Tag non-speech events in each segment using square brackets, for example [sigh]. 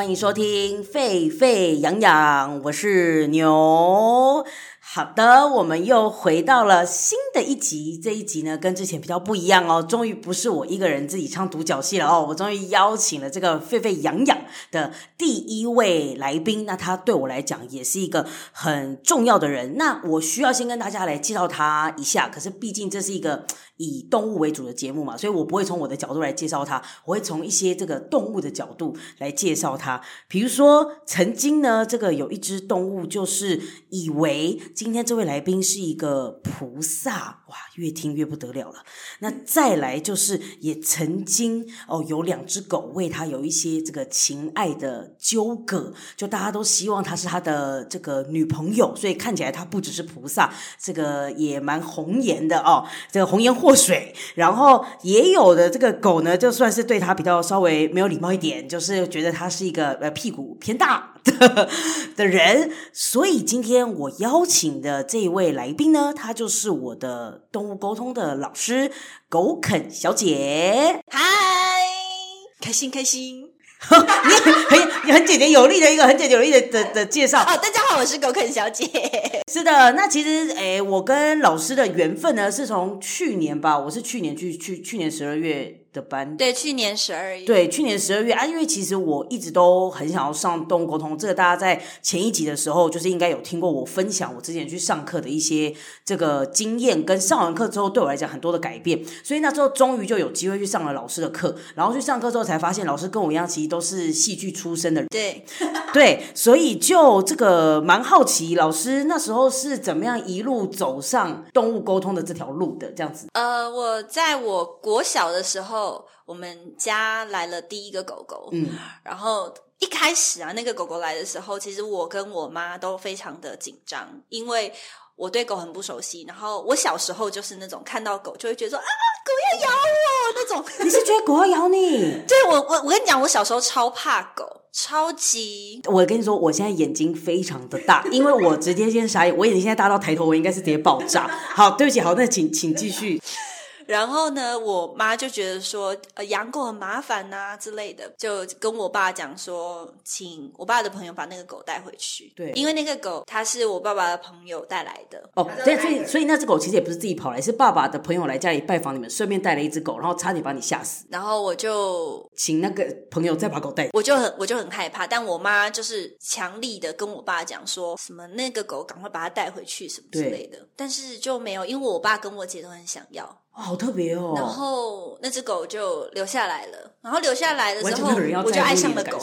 歡迎收聽《吠吠揚養》，我是牛。好的，我們又回到了新的一集。這一集呢，跟之前比較不一樣哦，終於不是我一個人自己唱獨角戲了哦。我終於邀請了這個吠吠揚養的第一位來賓，那他對我來講也是一個很重要的人。那我需要先跟大家來介紹他一下。可是，畢竟這是一個以動物為主的節目嘛，所以我不會從我的角度來介紹他，我會從一些這個動物的角度來介紹他。比如說，曾經呢，這個有一隻動物就是以為。今天這位來賓是一個菩薩哇，越聽越不得了了。那再來就是也曾經哦，有兩隻狗為他有一些這個情愛的糾葛，就大家都希望他是他的這個女朋友，所以看起來他不只是菩薩，這個也蠻紅顏的哦，這個紅顏禍水。然後也有的這個狗呢，就算是對他比較稍微沒有禮貌一點，就是覺得他是一個呃屁股偏大的的人。所以今天我邀請。的這一位來賓呢，她就是我的動物溝通的老師狗啃小姐。嗨，開心開心， [laughs] 你很很你很簡潔有力的一個很簡潔有力的的,的,的介紹。Oh, 大家好，我是狗啃小姐。是的，那其實誒、欸，我跟老師的緣分呢，是從去年吧，我是去年去去去年十二月。的班。對，去年十二月。對，去年十二月。啊，因為其實我一直都很想要上動物溝通，這個大家在前一集的時候就是應該有聽過我分享我之前去上課的一些這個經驗，跟上完課之後對我來講很多的改變，所以那時候終於就有機會去上了老師的課，然後去上課之後才發現老師跟我一樣，其實都是戲劇出身的人，對 [laughs] 對，所以就這個蠻好奇，老師那時候是怎麼樣一路走上動物溝通的這條路的，這樣子。呃、uh，我在我國小的時候。後我們家來了第一個狗狗，嗯，然後一開始啊，那個狗狗來的時候，其實我跟我媽都非常的緊張，因為我對狗很不熟悉。然後我小時候就是那種看到狗就會覺得說啊，狗要咬我那種。你是覺得狗要咬你？對，我我我跟你講，我小時候超怕狗，超級。我跟你說，我現在眼睛非常的大，因為我直接先傻眼，我眼睛現在大到抬頭，我應該是直接爆炸。好，對不起，好，那請請繼續。然後呢，我媽就覺得說，呃，養狗很麻煩吶、啊、之類的，就跟我爸講說，請我爸的朋友把那個狗帶回去。對，因為那個狗它是我爸爸的朋友帶來的。哦，對，所以所以那隻狗其實也不是自己跑來，是爸爸的朋友來家裡拜訪你們，順便帶了一隻狗，然後差點把你嚇死。然後我就請那個朋友再把狗帶。我就很我就很害怕，但我媽就是強力的跟我爸講說什麼那個狗趕快把它帶回去什麼之類的，但是就沒有，因為我爸跟我姐都很想要。好特別哦！然後那只狗就留下來了，然後留下來的時候，我就愛上了狗。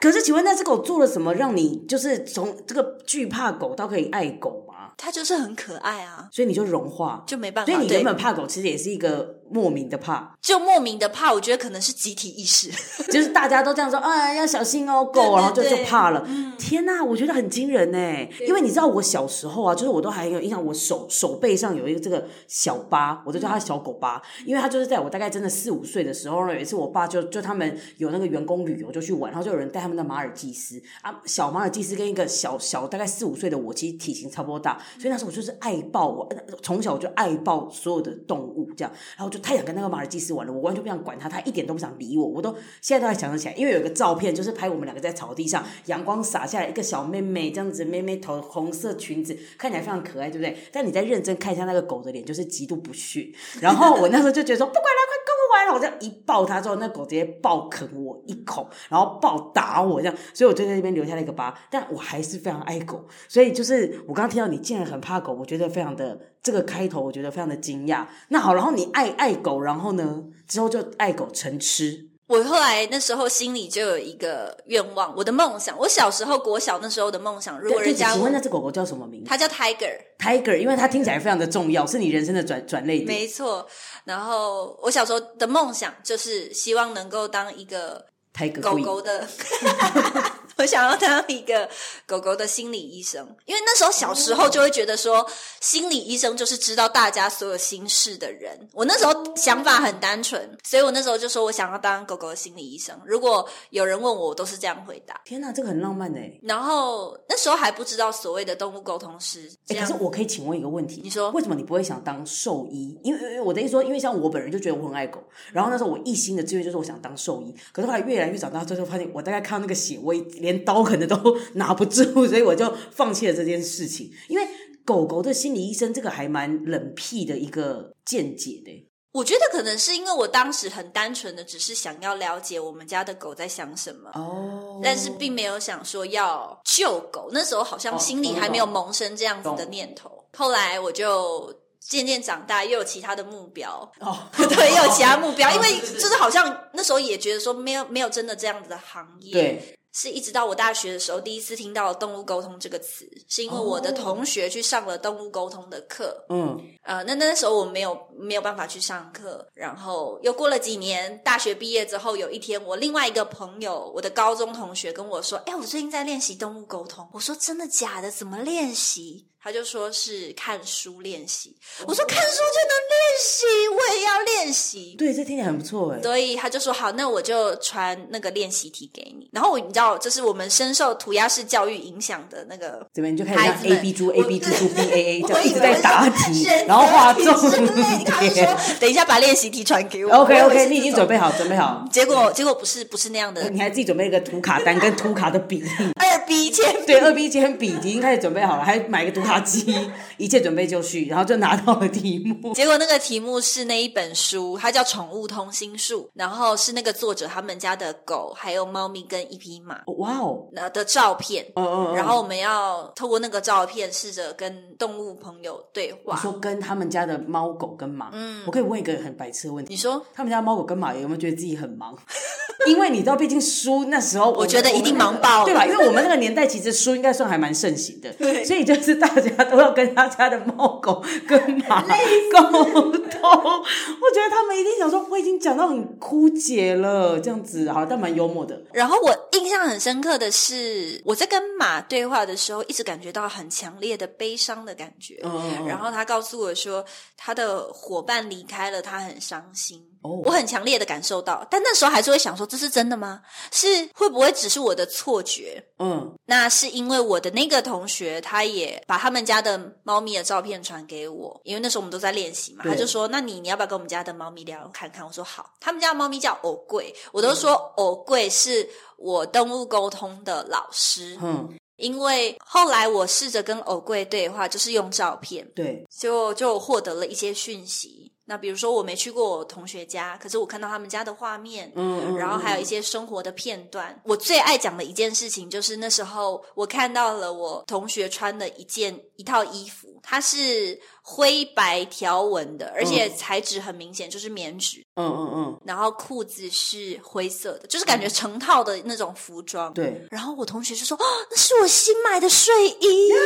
可是，請問那只狗做了什麼，讓你就是從這個懼怕狗到可以愛狗嗎？它就是很可愛啊，所以你就融化，就沒辦法。所以你原本怕狗，其實也是一個。莫名的怕，就莫名的怕。我覺得可能是集體意識， [laughs] 就是大家都這樣說，嗯、啊，要小心哦，狗，對對對，然後就就怕了。嗯、天吶，我覺得很驚人呢，因為你知道，我小時候啊，就是我都還有印象，我手手背上有一個這個小疤，我都叫它小狗疤、嗯，因為它就是在我大概真的四五歲的時候呢，有一次我爸就就他們有那個員工旅遊就去玩，然後就有人帶他們到馬爾濟斯啊，小馬爾濟斯跟一個小小大概四五歲的我其實體型差不多大，所以那時候我就是愛抱我，我、嗯、從小我就愛抱所有的動物這樣，然後就。他想跟那個馬爾濟斯玩了，我完全不想管他，他一點都不想理我，我都現在都還想得起來，因為有個照片，就是拍我們兩個在草地上，陽光灑下來，一個小妹妹這樣子，妹妹頭紅色裙子，看起來非常可愛，對不對？但你再認真看一下那個狗的臉，就是極度不屑。然後我那時候就覺得說， [laughs] 不管了，快走。那我這樣一抱它之後，那狗直接暴啃我一口，然後暴打我這樣，所以我就在那邊留下了一個疤。但我還是非常愛狗，所以就是我剛剛聽到你竟然很怕狗，我覺得非常的這個開頭，我覺得非常的驚訝。那好，然後你愛愛狗，然後呢，之後就愛狗成痴。我後來那時候心裡就有一個願望，我的夢想。我小時候國小那時候的夢想，如果人家請問那隻狗狗叫什麼名字？它叫 Tiger，Tiger，Tiger，因為它聽起來非常的重要，嗯、是你人生的轉轉捩點。沒錯。然後我小時候的夢想就是希望能夠當一個 Tiger 狗狗的。 [laughs] 我想要當一個狗狗的心理醫生，因為那時候小時候就會覺得說，心理醫生就是知道大家所有心事的人。我那時候想法很單純，所以我那時候就說，我想要當狗狗的心理醫生。如果有人問我，我都是這樣回答。天哪、啊，這個很浪漫的、欸。然後那時候還不知道所謂的動物溝通師、欸。可是我可以請問一個問題，你說為什麼你不會想當獸醫？因為我的意思說，因為像我本人就覺得我很愛狗，嗯、然後那時候我一心的志願就是我想當獸醫。可是後來越來越長大，之後發現我大概看到那個血，我已經。連刀可能都拿不住，所以我就放棄了這件事情。因為狗狗的心理醫生這個還蠻冷僻的一個見解的、欸。我覺得可能是因為我當時很單純的只是想要了解我們家的狗在想什麼哦，但是並沒有想說要救狗。那時候好像心裡還沒有萌生這樣子的念頭。哦哦哦哦、後來我就漸漸長大，又有其他的目標哦，對，又有其他目標、哦，因為就是好像那時候也覺得說沒有沒有真的這樣子的行業、哦哦、是是對。是一直到我大學的時候，第一次聽到“動物溝通”這個詞，是因為我的同學去上了動物溝通的課。嗯、哦，呃，那那時候我沒有，沒有辦法去上課，然後又過了幾年，大學畢業之後，有一天，我另外一個朋友，我的高中同學跟我說：“哎，我最近在練習動物溝通。”我說：“真的假的？怎麼練習？”他就說是看書練習。我說：“看書就能練習？我也要練習。”對，這聽起來很不錯哎、欸。所以他就說：“好，那我就傳那個練習題給你。”然後我你知道，這是我們深受塗鴉式教育影響的那個，這邊就開始像 A B 豬 A B 豬 B A A 就一直在答題， [laughs] 然後畫重點 [laughs] 他就說：“等一下，把練習題傳給我。”OK，OK，okay, okay, 你已經準備好，準備好。結果，結果不是不是那樣的。你還自己準備一個塗卡單跟塗卡的筆。 [laughs] [laughs] 鉛筆，對，2B 鉛筆已經開始準備好了， [laughs] 還買個讀卡機，一切準備就緒，然後就拿到了題目。結果那個題目是那一本書，它叫《寵物通心術》，然後是那個作者他們家的狗，還有貓咪跟一匹馬，哇哦，的照片。嗯、oh, 嗯、wow. oh, oh, oh. 然後我們要透過那個照片，試着跟動物朋友對話。你說跟他們家的貓狗跟馬，嗯，我可以問一個很白痴的問題，你說他們家的貓狗跟馬有沒有覺得自己很忙？ [laughs] [laughs] 因為你知道，畢竟書那時候我，我覺得一定忙爆了，對吧？因為我們那個年代，其實書應該算還蠻盛行的對，所以就是大家都要跟大家的貓狗跟馬溝通。 [laughs] 我覺得他們一定想說，我已經講到很枯竭了，這樣子，好，但蠻幽默的。然後我印象很深刻的是，我在跟馬對話的時候，一直感覺到很強烈的悲傷的感覺。嗯，然後他告訴我說，他的夥伴離開了，他很傷心。Oh. 我很強烈的感受到，但那時候還是會想說，這是真的嗎？是會不會只是我的錯覺？嗯，那是因為我的那個同學，他也把他們家的貓咪的照片傳給我，因為那時候我們都在練習嘛。他就說：“那你你要不要跟我們家的貓咪聊聊，看看？”我說：“好。”他們家貓咪叫歐貴，我都說歐貴是我動物溝通的老師。嗯，因為後來我試着跟歐貴對話，就是用照片，對，就就獲得了一些訊息。那比如說，我沒去過我同學家，可是我看到他們家的畫面，嗯，然後還有一些生活的片段。嗯嗯嗯、我最愛講的一件事情就是那時候我看到了我同學穿的一件一套衣服，它是灰白條紋的，而且材質很明顯、嗯、就是棉質，嗯嗯嗯。然後褲子是灰色的，就是感覺成套的那種服裝。嗯、對。然後我同學就說：“哦，那是我新買的睡衣。”啊！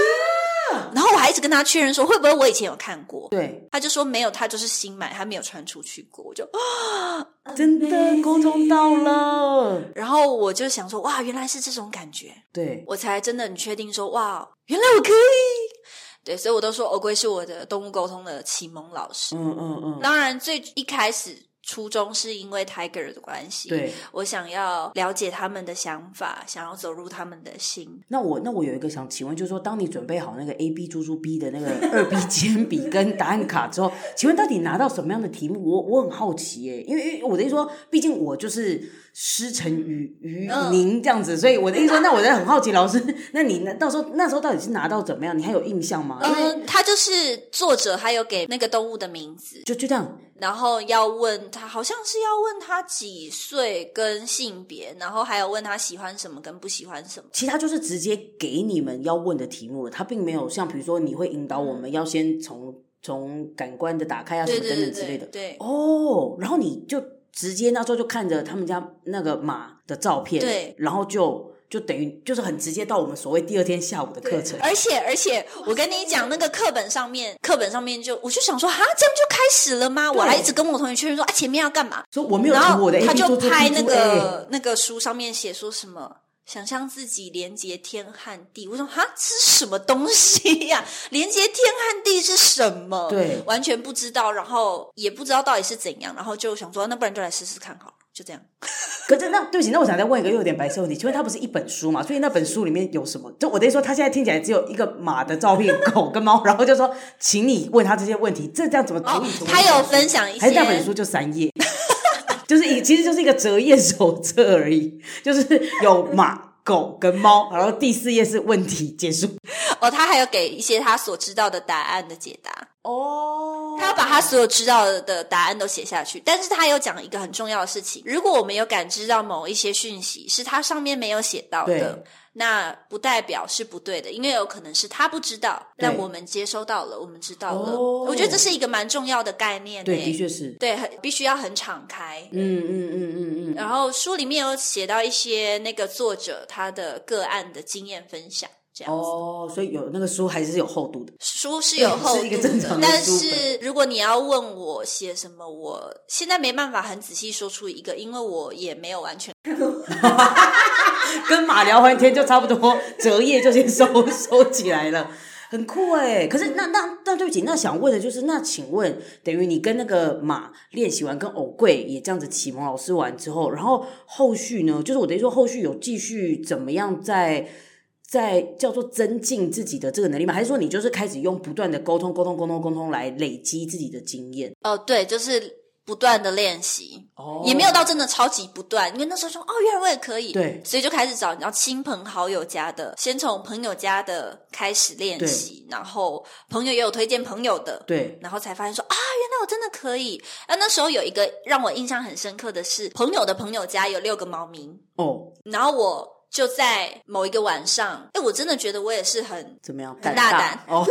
然後我還一直跟他確認說，會不會我以前有看過？對，他就說沒有，他就是新買，他沒有穿出去過。我就啊，真的溝通到了。然後我就想說，哇，原來是這種感覺，對，我才真的很確定說，哇，原來我可以。對，所以我都說歐龜是我的動物溝通的啟蒙老師。嗯嗯嗯。當然，最一開始。初衷是因為 Tiger 的關係，對，我想要了解他們的想法，想要走入他們的心。那我那我有一個想請問，就是說，當你準備好那個 A B 豬豬 B 的那個二 B 鉛筆跟答案卡之後， [laughs] 請問到底拿到什麼樣的題目？我我很好奇、欸，哎，因為因為我的意思說，畢竟我就是師承於於您、嗯、這樣子，所以我的意思說，那我就很好奇、嗯，老師，那你呢，到時候那時候到底是拿到怎麼樣？你還有印象嗎？嗯，因為他就是作者，還有給那個動物的名字，就就這樣，然後要問。他好像是要問他幾歲跟性別，然後還有問他喜歡什麼跟不喜歡什麼。其他就是直接給你們要問的題目了，他並沒有像比如說你會引導我們要先從從感官的打開啊什麼等等之類的。對哦，對 oh，然後你就直接那時候就看着他們家那個馬的照片，對，然後就。就等於就是很直接到我們所謂第二天下午的課程，而且而且我跟你講，那個課本上面課本上面，就我就想說蛤，這樣就開始了嗎？我還一直跟我同學確認說啊，前面要幹嘛？說我沒有，然後他就拍那個那個書上面寫說什麼，想象自己連接天和地。我說蛤，這是什麼東西呀、啊？連接天和地是什麼？對，完全不知道，然後也不知道到底是怎樣，然後就想說，那不然就來試試看好了，就這樣。可是那對不起，那我想再問一個又有點白色問題，請問它不是一本書嘛，所以那本書裡面有什麼？就我等於說，他現在聽起來只有一個馬的照片、狗跟貓，然後就說，請你問他這些問題，這這樣怎麼足以、哦？他有分享一些，還是那本書就三頁， [laughs] 就是一其實就是一個摺頁手冊而已，就是有馬、狗跟貓，然後第四頁是問題，結束。哦，他還有給一些他所知道的答案的解答。哦、oh,，他把他所有知道的答案都寫下去。嗯、但是，他有講一個很重要的事情：如果我們有感知到某一些訊息是他上面沒有寫到的，對，那不代表是不對的，因為有可能是他不知道，但我們接收到了，我們知道了。Oh, 我覺得這是一個蠻重要的概念。對，欸、的確是，對很，必須要很敞開。嗯嗯嗯嗯嗯。然後書裡面有寫到一些那個作者他的個案的經驗分享。哦，所以有那個書還是有厚度的。書是有厚度，是一個正常的。但是如果你要問我寫什麼，我現在沒辦法很仔細說出一個，因為我也沒有完全 [laughs] [laughs] [laughs] 跟馬聊完天，就差不多折頁 [laughs] 就先收收起來了，很酷哎、欸。可是那那那對不起，那想問的就是，那請問等於你跟那個馬練習完，跟偶貴也這樣子啟蒙老師完之後，然後後續呢？就是我等於說後續有繼續怎麼樣在？在叫做增進自己的這個能力嗎？還是說你就是開始用不斷的溝通、溝通、溝通、溝通來累積自己的經驗？哦、呃，對，就是不斷的練習，哦，也沒有到真的超級不斷。因為那時候說，哦，原來我也可以，對，所以就開始找，你要親朋好友家的，先從朋友家的開始練習，然後朋友也有推薦朋友的，對，然後才發現說，啊，原來我真的可以。那、啊、那時候有一個讓我印象很深刻的是，朋友的朋友家有六個貓咪，哦，然後我。就在某一個晚上，哎、欸，我真的覺得我也是很怎麼樣，膽大很大膽哦，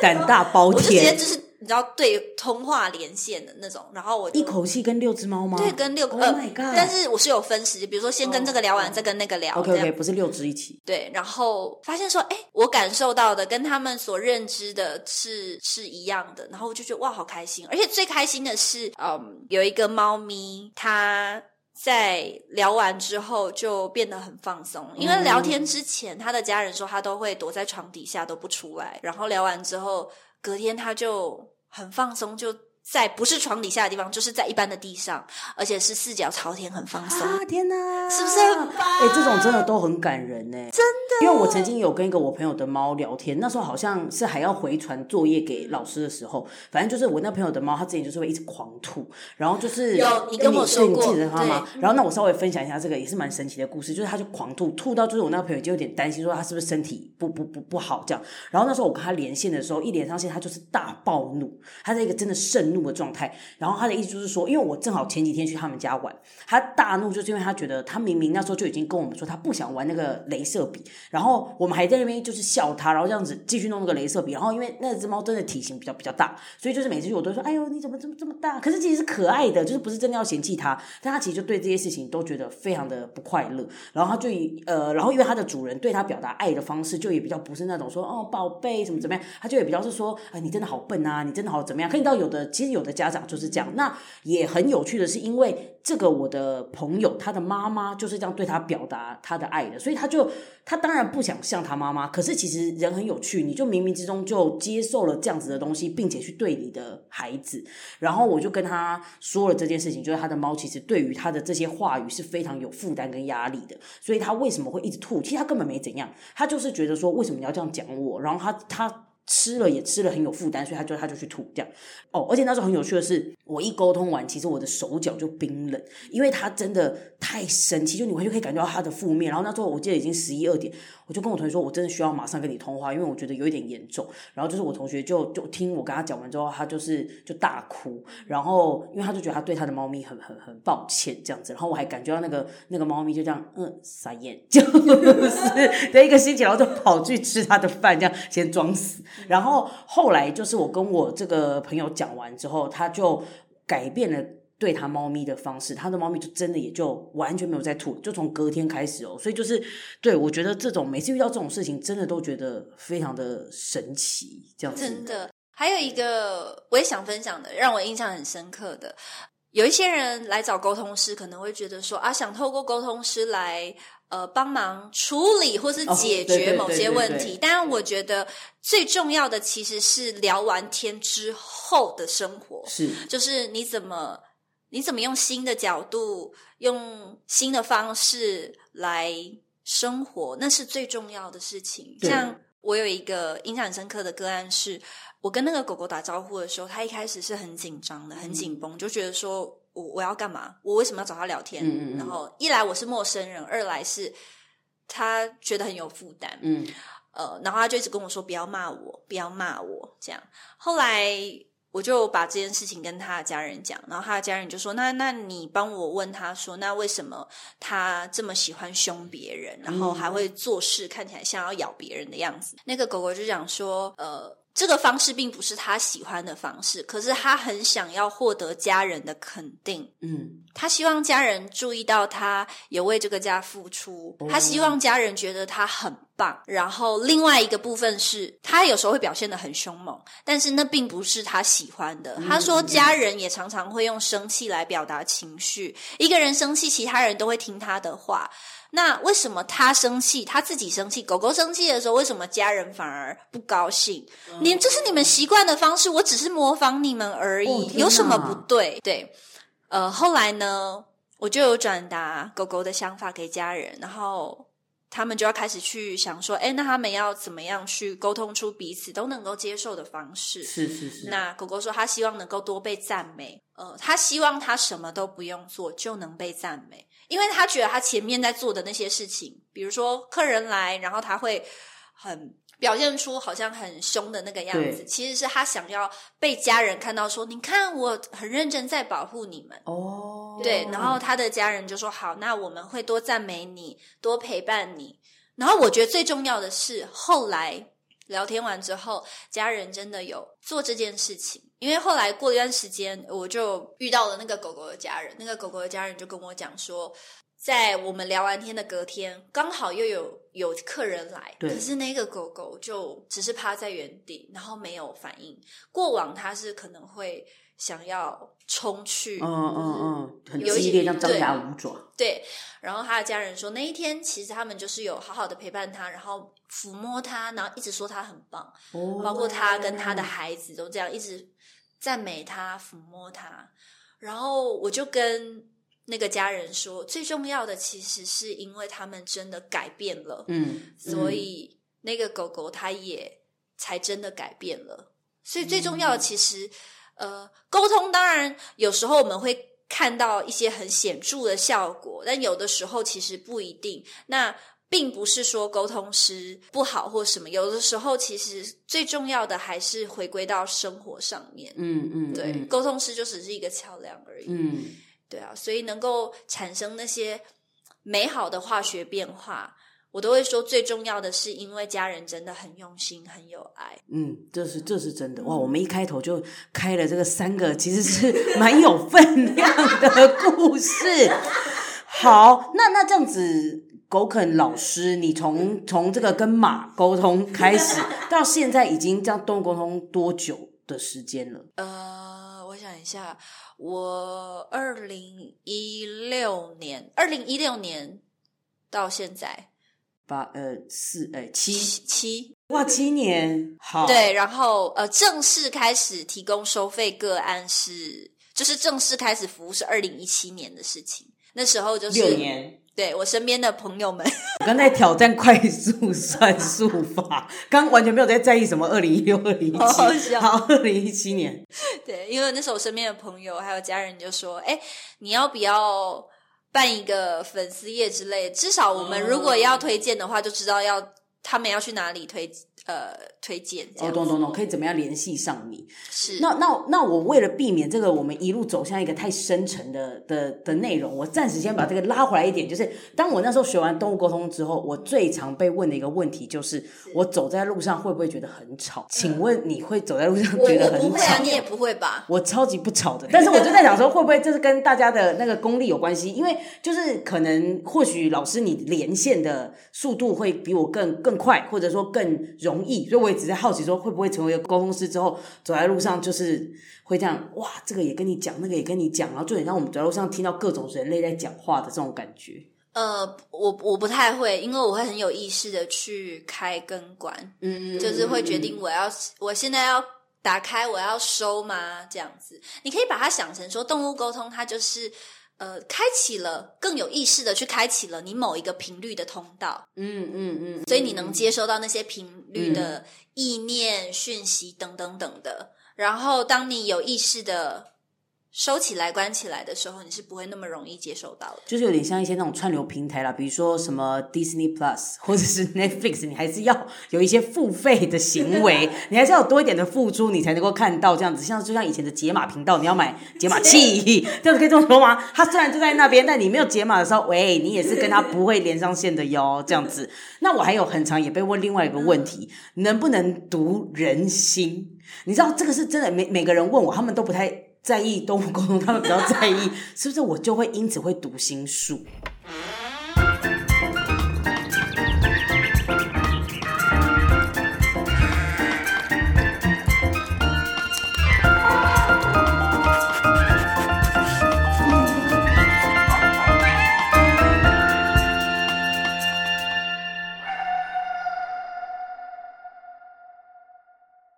膽大包天，我就直接就是你知道，對通話連線的那種，然後我一口氣跟六隻貓嗎？對，跟六個，哦、oh 呃，但是我是有分時，比如說先跟這個聊完，oh, 再跟那個聊。OK，OK，、okay. okay, okay, 不是六只一起、嗯。對，然後發現說，哎、欸，我感受到的跟他們所認知的是是一樣的，然後我就覺得哇，好開心，而且最開心的是，嗯，有一個貓咪它。在聊完之後就變得很放鬆，因為聊天之前他的家人說他都會躲在床底下都不出來，然後聊完之後隔天他就很放鬆就在不是床底下的地方，就是在一般的地上，而且是四腳朝天，很放鬆、啊。天哪，是不是？哎、啊欸，這種真的都很感人呢、欸，真的。因為我曾經有跟一個我朋友的貓聊天，那時候好像是還要回傳作業給老師的時候，反正就是我那朋友的貓，它之前就是會一直狂吐，然後就是有你跟我有過跟你說你記得它嗎？然後那我稍微分享一下這個也是蠻神奇的故事，就是它就狂吐，吐到就是我那個朋友就有點擔心，說它是不是身體不不不不，不好這樣。然後那時候我跟他連線的時候，一連上線，他就是大暴怒，他是一個真的盛。怒的狀態，然後他的意思就是說，因為我正好前幾天去他們家玩，他大怒就是因為他覺得他明明那時候就已經跟我們說他不想玩那個鐳射筆，然後我們還在那邊就是笑他，然後這樣子繼續弄那個鐳射筆，然後因為那隻貓真的體型比較比較大，所以就是每次去我都說，哎呦你怎麼這麼這麼大？可是其實是可愛的，就是不是真的要嫌棄它，但他其實就對這些事情都覺得非常的不快樂，然後他就以呃，然後因為他的主人對他表達愛的方式就也比較不是那種說哦寶貝什麼怎麼樣，他就也比較是說啊、哎、你真的好笨啊，你真的好怎麼樣？可以到有的。有的家長就是這樣，那也很有趣的是，因為這個我的朋友，他的媽媽就是這樣對他表達他的愛的，所以他就他當然不想像他媽媽，可是其實人很有趣，你就冥冥之中就接受了這樣子的東西，並且去對你的孩子。然後我就跟他說了這件事情，就是他的貓其實對於他的這些話語是非常有負擔跟壓力的，所以他為什麼會一直吐？其實他根本沒怎樣，他就是覺得說為什麼你要這樣講我？然後他他。吃了也吃了很有負擔，所以他就他就去吐掉。哦，而且那時候很有趣的是，我一溝通完，其實我的手腳就冰冷，因為他真的太神奇，就你完全可以感覺到他的負面。然後那時候我記得已經十一二點，我就跟我同學說，我真的需要馬上跟你通話，因為我覺得有一點嚴重。然後就是我同學就就聽我跟他講完之後，他就是就大哭，然後因為他就覺得他對他的貓咪很很很抱歉這樣子。然後我還感覺到那個那個貓咪就這樣，嗯，傻眼，就是一個星期，然後就跑去吃他的飯，這樣先裝死。然後後來就是我跟我這個朋友講完之後，他就改變了對他貓咪的方式，他的貓咪就真的也就完全沒有再吐，就從隔天開始哦。所以就是對，我覺得這種每次遇到這種事情，真的都覺得非常的神奇，這樣子。真的，還有一個我也想分享的、讓我印象很深刻的，有一些人來找溝通師，可能會覺得說啊，想透過溝通師來。呃，幫忙處理或是解決某些問題。哦對對對對對對，但我覺得最重要的其實是聊完天之後的生活，是就是你怎麼你怎麼用新的角度，用新的方式來生活，那是最重要的事情。像我有一個印象很深刻的個案是，是我跟那個狗狗打招呼的時候，它一開始是很緊張的，很緊繃，嗯、就覺得說。我我要幹嘛？我為什麼要找他聊天？嗯。然後一來我是陌生人，二來是他覺得很有負擔。嗯，呃，然後他就一直跟我說不要罵我，不要罵我。這樣，後來我就把這件事情跟他的家人講，然後他的家人就說：那那你幫我問他說，那為什麼他這麼喜歡凶別人，然後還會做事看起來像要咬別人的樣子。嗯。那個狗狗就講說，呃。這個方式並不是他喜歡的方式，可是他很想要獲得家人的肯定。嗯，他希望家人注意到他有為這個家付出，他希望家人覺得他很棒。然後另外一個部分是他有時候會表現得很兇猛，但是那並不是他喜歡的。他說家人也常常會用生氣來表達情緒，一個人生氣，其他人都會聽他的話。那為什麼他生氣，他自己生氣？狗狗生氣的時候，為什麼家人反而不高興？你們、嗯、這是你們習慣的方式，我只是模仿你們而已、哦，有什麼不對？對，呃，後來呢，我就有轉達狗狗的想法給家人，然後他們就要開始去想說，哎，那他們要怎麼樣去溝通出彼此都能夠接受的方式？是是是。那狗狗說，他希望能夠多被讚美，呃，他希望他什麼都不用做就能被讚美。因為他覺得他前面在做的那些事情，比如說客人來，然後他會很表現出好像很凶的那個樣子，其實是他想要被家人看到說，說你看我很認真在保護你們。哦，Oh，對，然後他的家人就說好，那我們會多讚美你，多陪伴你。然後我覺得最重要的是，後來聊天完之後，家人真的有做這件事情。因為後來過一段時間，我就遇到了那個狗狗的家人。那個狗狗的家人就跟我講說，在我們聊完天的隔天，剛好又有有客人來，可是那個狗狗就只是趴在原地，然後沒有反應。過往它是可能會想要衝去，嗯嗯嗯，很激烈，像張牙舞爪，對。對。然後他的家人說，那一天其實他們就是有好好的陪伴他，然後撫摸他，然後一直說他很棒，哦、包括他跟他的孩子、哦、都這樣一直。讚美他，撫摸他，然後我就跟那個家人說，最重要的其實是因為他們真的改變了，嗯，嗯，所以那個狗狗它也才真的改變了。所以最重要的其實，嗯，呃，溝通當然有時候我們會看到一些很顯著的效果，但有的時候其實不一定。那。並不是說溝通師不好或什麼，有的時候其實最重要的還是回歸到生活上面。嗯嗯，對嗯，溝通師就只是一個橋梁而已。嗯，對啊，所以能夠產生那些美好的化學變化，我都會說最重要的是因為家人真的很用心、很有愛。嗯，這是這是真的。哇、嗯！我們一開頭就開了這個三個，其實是蠻有分量的故事。好，那那這樣子。狗啃老師，嗯、你從從這個跟馬溝通開始、嗯，到現在已經這樣動溝通多久的時間了？呃，我想一下，我二零一六年，二零一六年到現在，八呃四哎、欸、七七，哇，七年，好。對，然後呃正式開始提供收費個案是，就是正式開始服務是二零一七年的事情，那時候就是六年。對，我身邊的朋友們，我剛才挑戰快速算數法。 [laughs] 剛完全沒有在在意什麼二零一六、二零一七，好二零一七年。對，因為那時候我身邊的朋友還有家人就說：“哎，你要不要辦一個粉絲頁之類？至少我們如果要推薦的話，就知道要他們要去哪裡推薦。”呃，推薦哦，懂懂懂，可以怎麼樣聯繫上你？是那那那我為了避免這個，我們一路走向一個太深沉的的的內容，我暫時先把這個拉回來一點。就是當我那時候學完動物溝通之後，我最常被問的一個問題就是：是我走在路上會不會覺得很吵？嗯、請問你會走在路上覺得很吵？不會啊，你也不會吧？我超級不吵的。但是我就在想說，會不會這是跟大家的那個功力有關係？ [laughs] 因為就是可能或許老師你連線的速度會比我更更快，或者說更容。容易，所以我也只是好奇，說會不會成為一個溝通師之後，走在路上就是會這樣？哇，這個也跟你講，那個也跟你講，然後就很像我們走在路上聽到各種人類在講話的這種感覺。呃，我我不太會，因為我會很有意識的去開跟關，嗯，就是會決定我要我現在要打開，我要收嗎？這樣子，你可以把它想成說，動物溝通它就是。呃，開啟了更有意識的去開啟了你某一個頻率的通道，嗯嗯嗯，所以你能接收到那些頻率的意念、嗯、訊息等等等的。然後，當你有意識的。收起來、關起來的時候，你是不會那麼容易接受到的。就是有點像一些那種串流平台啦，比如說什麼 Disney Plus 或者是 Netflix，你還是要有一些付費的行為， [laughs] 你還是要有多一點的付出，你才能夠看到這樣子。像就像以前的解碼頻道，你要買解碼器，這樣子可以這麼說嗎？它雖然就在那邊，但你沒有解碼的時候，喂，你也是跟他不會連上線的喲。 [laughs] 這樣子，那我還有很常也被問另外一個問題， [laughs] 能不能讀人心？你知道這個是真的，每每個人問我，他們都不太。在意動物溝通，他們比較在意，是不是我就會因此會讀心術？